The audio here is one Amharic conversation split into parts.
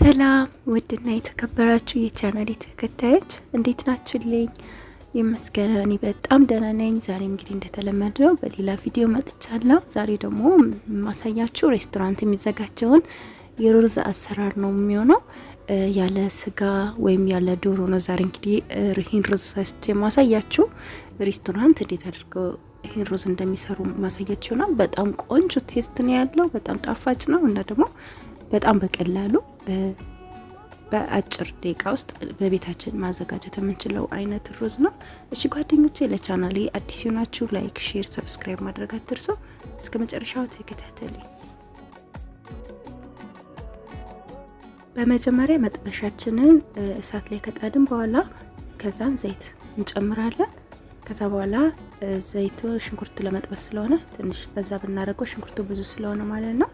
ሰላም ውድና የተከበራችሁ የቻናል ተከታዮች እንዴት ናችሁልኝ? ይመስገን እኔ በጣም ደህና ነኝ። ዛሬ እንግዲህ እንደተለመደው በሌላ ቪዲዮ መጥቻለሁ። ዛሬ ደግሞ ማሳያችሁ ሬስቶራንት የሚዘጋጀውን የሩዝ አሰራር ነው የሚሆነው። ያለ ስጋ ወይም ያለ ዶሮ ነው ዛሬ እንግዲህ ይህን ሩዝ ሰስቼ ማሳያችሁ። ሬስቶራንት እንዴት አድርገው ይህን ሩዝ እንደሚሰሩ ማሳያችሁ ነው። በጣም ቆንጆ ቴስት ነው ያለው። በጣም ጣፋጭ ነው እና ደግሞ በጣም በቀላሉ በአጭር ደቂቃ ውስጥ በቤታችን ማዘጋጀት የምንችለው አይነት ሩዝ ነው። እሺ ጓደኞቼ ለቻናሌ አዲስ ሆናችሁ ላይክ፣ ሼር፣ ሰብስክራይብ ማድረግ አትርሶ። እስከ መጨረሻው ተከታተሉኝ። በመጀመሪያ መጥበሻችንን እሳት ላይ ከጣድን በኋላ ከዛን ዘይት እንጨምራለን። ከዛ በኋላ ዘይቱ ሽንኩርት ለመጥበስ ስለሆነ ትንሽ በዛ ብናደርገው ሽንኩርቱ ብዙ ስለሆነ ማለት ነው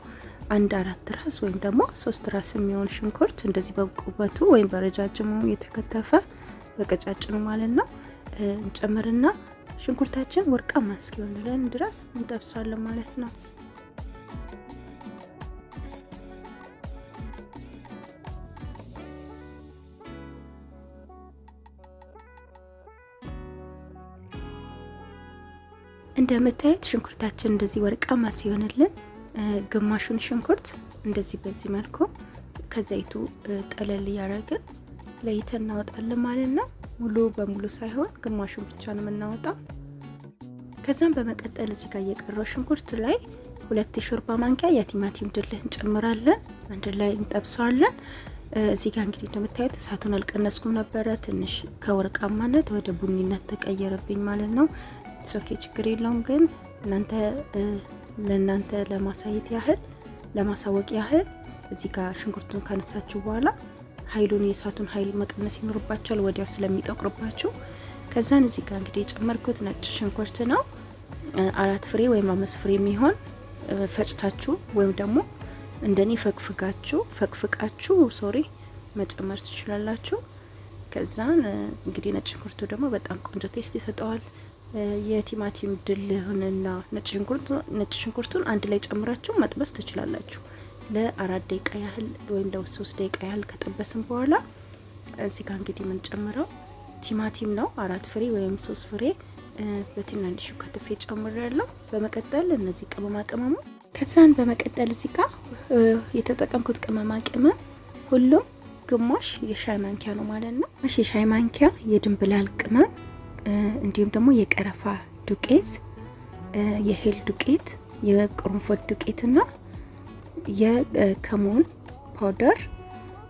አንድ አራት ራስ ወይም ደግሞ ሶስት ራስ የሚሆን ሽንኩርት እንደዚህ በቁበቱ ወይም በረጃጅሙ የተከተፈ በቀጫጭኑ ማለት ነው እንጨምርና ሽንኩርታችን ወርቃማ እስኪሆንልን ድረስ እንጠብሷለን ማለት ነው። እንደምታዩት ሽንኩርታችን እንደዚህ ወርቃማ ሲሆንልን ግማሹን ሽንኩርት እንደዚህ በዚህ መልኩ ከዘይቱ ጠለል እያደረግን ለይተን እናወጣለን ማለት ነው። ሙሉ በሙሉ ሳይሆን ግማሹን ብቻ ነው የምናወጣው። ከዛም በመቀጠል እዚህ ጋር የቀረው ሽንኩርት ላይ ሁለት የሾርባ ማንኪያ የቲማቲም ድልህ እንጨምራለን። አንድ ላይ እንጠብሰዋለን። እዚህ ጋር እንግዲህ እንደምታዩት እሳቱን አልቀነስኩም ነበረ። ትንሽ ከወርቃማነት ወደ ቡኒነት ተቀየረብኝ ማለት ነው። ሶኬ ችግር የለውም ግን እናንተ ለእናንተ ለማሳየት ያህል ለማሳወቅ ያህል እዚህ ጋር ሽንኩርቱን ካነሳችሁ በኋላ ኃይሉን የእሳቱን ኃይል መቀነስ ይኖርባቸዋል ወዲያው ስለሚጠቁርባችሁ። ከዛን እዚህ ጋር እንግዲህ የጨመርኩት ነጭ ሽንኩርት ነው። አራት ፍሬ ወይም አምስት ፍሬ የሚሆን ፈጭታችሁ ወይም ደግሞ እንደኔ ፈቅፍጋችሁ ፈቅፍቃችሁ ሶሪ መጨመር ትችላላችሁ። ከዛን እንግዲህ ነጭ ሽንኩርቱ ደግሞ በጣም ቆንጆ ቴስት ይሰጠዋል። የቲማቲም ድልህንና ነጭ ሽንኩርቱን አንድ ላይ ጨምራችሁ መጥበስ ትችላላችሁ። ለአራት ደቂቃ ያህል ወይም ለሶስት ደቂቃ ያህል ከጠበስን በኋላ እዚህ ጋር እንግዲህ የምንጨምረው ቲማቲም ነው። አራት ፍሬ ወይም ሶስት ፍሬ በትናንሹ ከትፌ ጨምር ያለው። በመቀጠል እነዚህ ቅመማ ቅመሙ ከዛን በመቀጠል እዚህ ጋር የተጠቀምኩት ቅመማ ቅመም ሁሉም ግማሽ የሻይ ማንኪያ ነው ማለት ነው። የሻይ ማንኪያ የድንብላል ቅመም እንዲሁም ደግሞ የቀረፋ ዱቄት፣ የሄል ዱቄት፣ የቅርንፉድ ዱቄትና የከሞን ፓውደር፣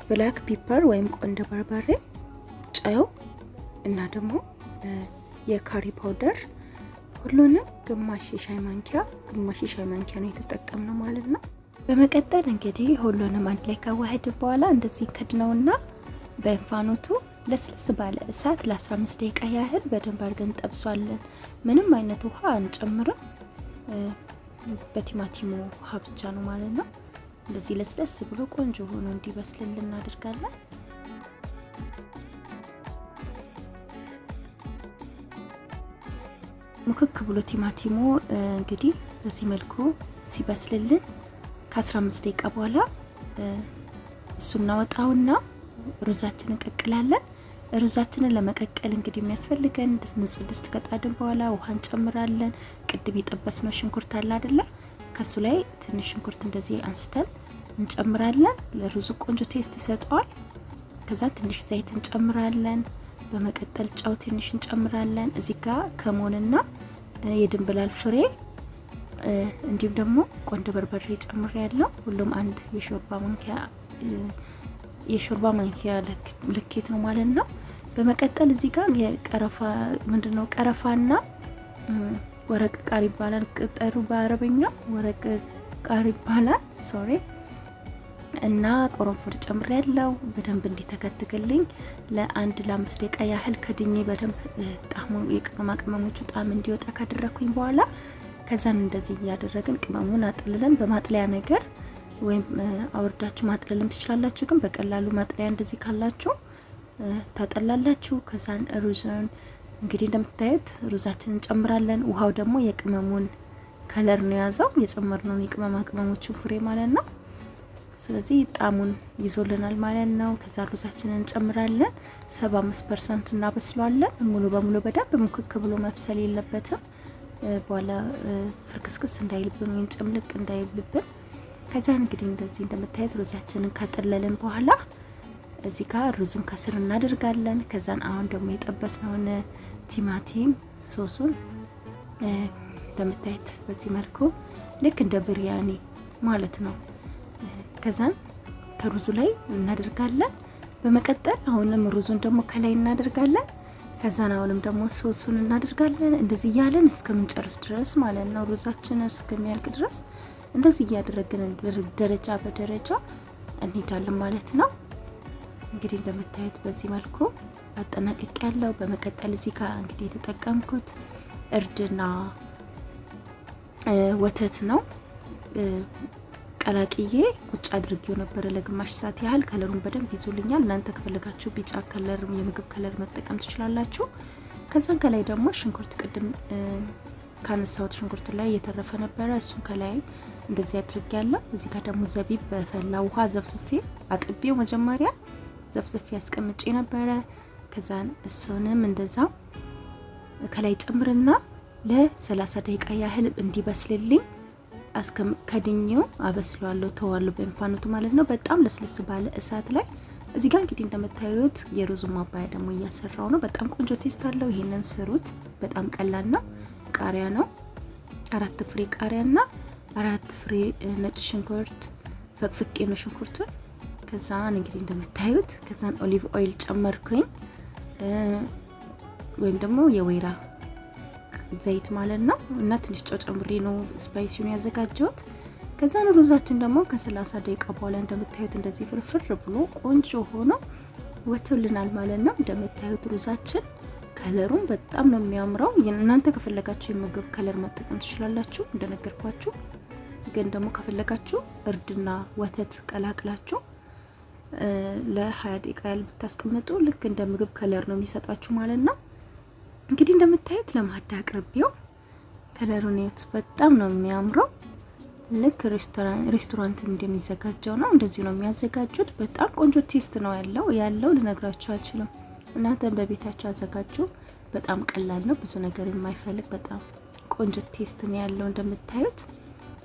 ብላክ ፒፐር ወይም ቆንደ በርበሬ፣ ጨው እና ደግሞ የካሪ ፓውደር ሁሉንም ግማሽ የሻይ ማንኪያ ግማሽ የሻይ ማንኪያ ነው የተጠቀምነው ማለት ነው። በመቀጠል እንግዲህ ሁሉንም አንድ ላይ ካዋህድ በኋላ እንደዚህ ከድነውና በእንፋኖቱ ለስለስ ባለ እሳት ለ15 ደቂቃ ያህል በደንብ አድርገን እንጠብሷለን። ምንም አይነት ውሃ አንጨምርም። በቲማቲሙ ውሃ ብቻ ነው ማለት ነው። እንደዚህ ለስለስ ብሎ ቆንጆ ሆኖ እንዲበስልን እናደርጋለን። ሙክክ ብሎ ቲማቲሙ እንግዲህ በዚህ መልኩ ሲበስልልን ከ15 ደቂቃ በኋላ እሱን እናወጣውና ሩዛችንን እንቀቅላለን። ሩዛችንን ለመቀቀል እንግዲህ የሚያስፈልገን ንጹህ ድስት ከጣድን በኋላ ውሃ እንጨምራለን። ቅድም የጠበስነው ሽንኩርት አለ አደለ? ከሱ ላይ ትንሽ ሽንኩርት እንደዚህ አንስተን እንጨምራለን። ለሩዙ ቆንጆ ቴስት ይሰጠዋል። ከዛ ትንሽ ዘይት እንጨምራለን። በመቀጠል ጨው ትንሽ እንጨምራለን። እዚህ ጋ ከሞንና የድንብላል ፍሬ እንዲሁም ደግሞ ቆንጆ በርበሬ ጨምሬ ያለው ሁሉም አንድ የሾርባ ማንኪያ የሾርባ ማንኪያ ልኬት ነው ማለት ነው። በመቀጠል እዚህ ጋር የቀረፋ ምንድነው ቀረፋና ወረቅ ቃር ይባላል። ቅጠሉ በአረበኛ ወረቅ ቃር ይባላል። ሶሪ እና ቆረንፎድ ጨምር ያለው በደንብ እንዲተከትክልኝ ለአንድ ለአምስት ደቂቃ ያህል ከድኜ በደንብ ጣሙ የቅመማ ቅመሞቹ ጣም እንዲወጣ ካደረግኩኝ በኋላ ከዛን እንደዚህ እያደረግን ቅመሙን አጥልለን በማጥለያ ነገር ወይም አውርዳችሁ ማጥለልም ትችላላችሁ። ግን በቀላሉ ማጥለያ እንደዚህ ካላችሁ ታጠላላችሁ። ከዛን ሩዝን እንግዲህ እንደምታዩት ሩዛችን እንጨምራለን። ውሃው ደግሞ የቅመሙን ከለር ነው የያዘው የጨመርነውን የቅመማ ቅመሞችን ፍሬ ማለት ነው። ስለዚህ ጣሙን ይዞልናል ማለት ነው። ከዛ ሩዛችንን እንጨምራለን። ሰባ አምስት ፐርሰንት እናበስሏለን። ሙሉ በሙሉ በደንብ ሙክክ ብሎ መብሰል የለበትም። በኋላ ፍርክስክስ እንዳይልብን ወይም ጭምልቅ እንዳይልብን ከዚያ እንግዲህ እንደዚህ እንደምታየት ሩዛችንን ካጠለልን በኋላ እዚህ ጋር ሩዝን ከስር እናደርጋለን። ከዛን አሁን ደግሞ የጠበስነውን ቲማቲም ሶሱን እንደምታየት በዚህ መልኩ ልክ እንደ ብሪያኒ ማለት ነው። ከዛን ከሩዙ ላይ እናደርጋለን። በመቀጠል አሁንም ሩዙን ደግሞ ከላይ እናደርጋለን። ከዛን አሁንም ደግሞ ሶሱን እናደርጋለን። እንደዚህ እያለን እስከምንጨርስ ድረስ ማለት ነው ሩዛችን እስከሚያልቅ ድረስ እንደዚህ እያደረግን ደረጃ በደረጃ እንሄዳለን ማለት ነው። እንግዲህ እንደምታዩት በዚህ መልኩ አጠናቀቅ ያለው። በመቀጠል እዚህ ጋር እንግዲህ የተጠቀምኩት እርድና ወተት ነው። ቀላቅዬ ቁጭ አድርጌው ነበረ ለግማሽ ሰዓት ያህል። ከለሩን በደንብ ይዞልኛል። እናንተ ከፈለጋችሁ ቢጫ ከለር የምግብ ከለር መጠቀም ትችላላችሁ። ከዛን ከላይ ደግሞ ሽንኩርት ቅድም ካነሳሁት ሽንኩርት ላይ እየተረፈ ነበረ። እሱን ከላይ እንደዚህ አድርጌ ያለው። እዚህ ጋር ደግሞ ዘቢብ በፈላ ውሃ ዘፍዝፌ አጥቤው መጀመሪያ ዘፍዝፌ አስቀምጬ ነበረ። ከዛን እሱንም እንደዛ ከላይ ጨምርና ለ30 ደቂቃ ያህል እንዲበስልልኝ ከድኜው አበስለዋለሁ፣ ተዋለሁ በእንፋኖቱ ማለት ነው። በጣም ለስለስ ባለ እሳት ላይ እዚህ ጋር እንግዲህ እንደምታዩት የሩዙ ማባያ ደግሞ እያሰራው ነው። በጣም ቆንጆ ቴስት አለው። ይህንን ስሩት። በጣም ቀላል ነው። ቃሪያ ነው፣ አራት ፍሬ ቃሪያ ቃሪያና አራት ፍሬ ነጭ ሽንኩርት ፈቅፍቅ ነው ሽንኩርቱን። ከዛን እንግዲህ እንደምታዩት ከዛን ኦሊቭ ኦይል ጨመርኩኝ፣ ወይም ደግሞ የወይራ ዘይት ማለት ነው። እና ትንሽ ጨው ጨምሬ ነው ስፓይሲውን ያዘጋጀሁት። ከዛን ሩዛችን ደግሞ ከሰላሳ ደቂቃ በኋላ እንደምታዩት እንደዚህ ፍርፍር ብሎ ቆንጆ ሆኖ ወቶልናል ማለት ነው። እንደምታዩት ሩዛችን ከለሩን በጣም ነው የሚያምረው። እናንተ ከፈለጋችሁ የምግብ ከለር መጠቀም ትችላላችሁ እንደነገርኳችሁ ግን ደግሞ ከፈለጋችሁ እርድና ወተት ቀላቅላችሁ ለሀያ ደቂቃ ያህል ብታስቀምጡ ልክ እንደ ምግብ ከለር ነው የሚሰጣችሁ ማለት ነው። እንግዲህ እንደምታዩት ለማዳ አቅርቤው ከለሩን እዩት። በጣም ነው የሚያምረው። ልክ ሬስቶራንት እንደሚዘጋጀው ነው፣ እንደዚህ ነው የሚያዘጋጁት። በጣም ቆንጆ ቴስት ነው ያለው ያለው ልነግራችሁ አልችልም። እናንተም በቤታችሁ አዘጋጁ። በጣም ቀላል ነው፣ ብዙ ነገር የማይፈልግ በጣም ቆንጆ ቴስት ነው ያለው እንደምታዩት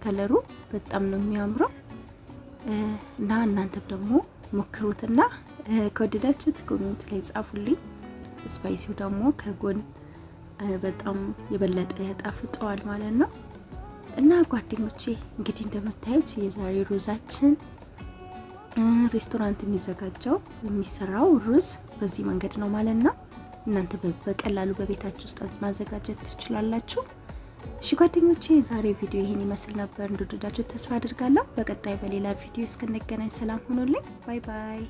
ከለሩ በጣም ነው የሚያምረው እና እናንተም ደግሞ ሞክሩትና ከወደዳችሁት ኮሜንት ላይ ጻፉልኝ። ስፓይሲው ደግሞ ከጎን በጣም የበለጠ ያጣፍጠዋል ማለት ነው። እና ጓደኞቼ እንግዲህ እንደምታዩት የዛሬ ሩዛችን ሬስቶራንት የሚዘጋጀው የሚሰራው ሩዝ በዚህ መንገድ ነው ማለት ነው። እናንተ በቀላሉ በቤታችሁ ውስጥ ማዘጋጀት ትችላላችሁ። እሺ ጓደኞቼ የዛሬ ቪዲዮ ይህን ይመስል ነበር። እንደወደዳችሁ ተስፋ አድርጋለሁ። በቀጣይ በሌላ ቪዲዮ እስክንገናኝ ሰላም ሆኖልኝ፣ ባይ ባይ።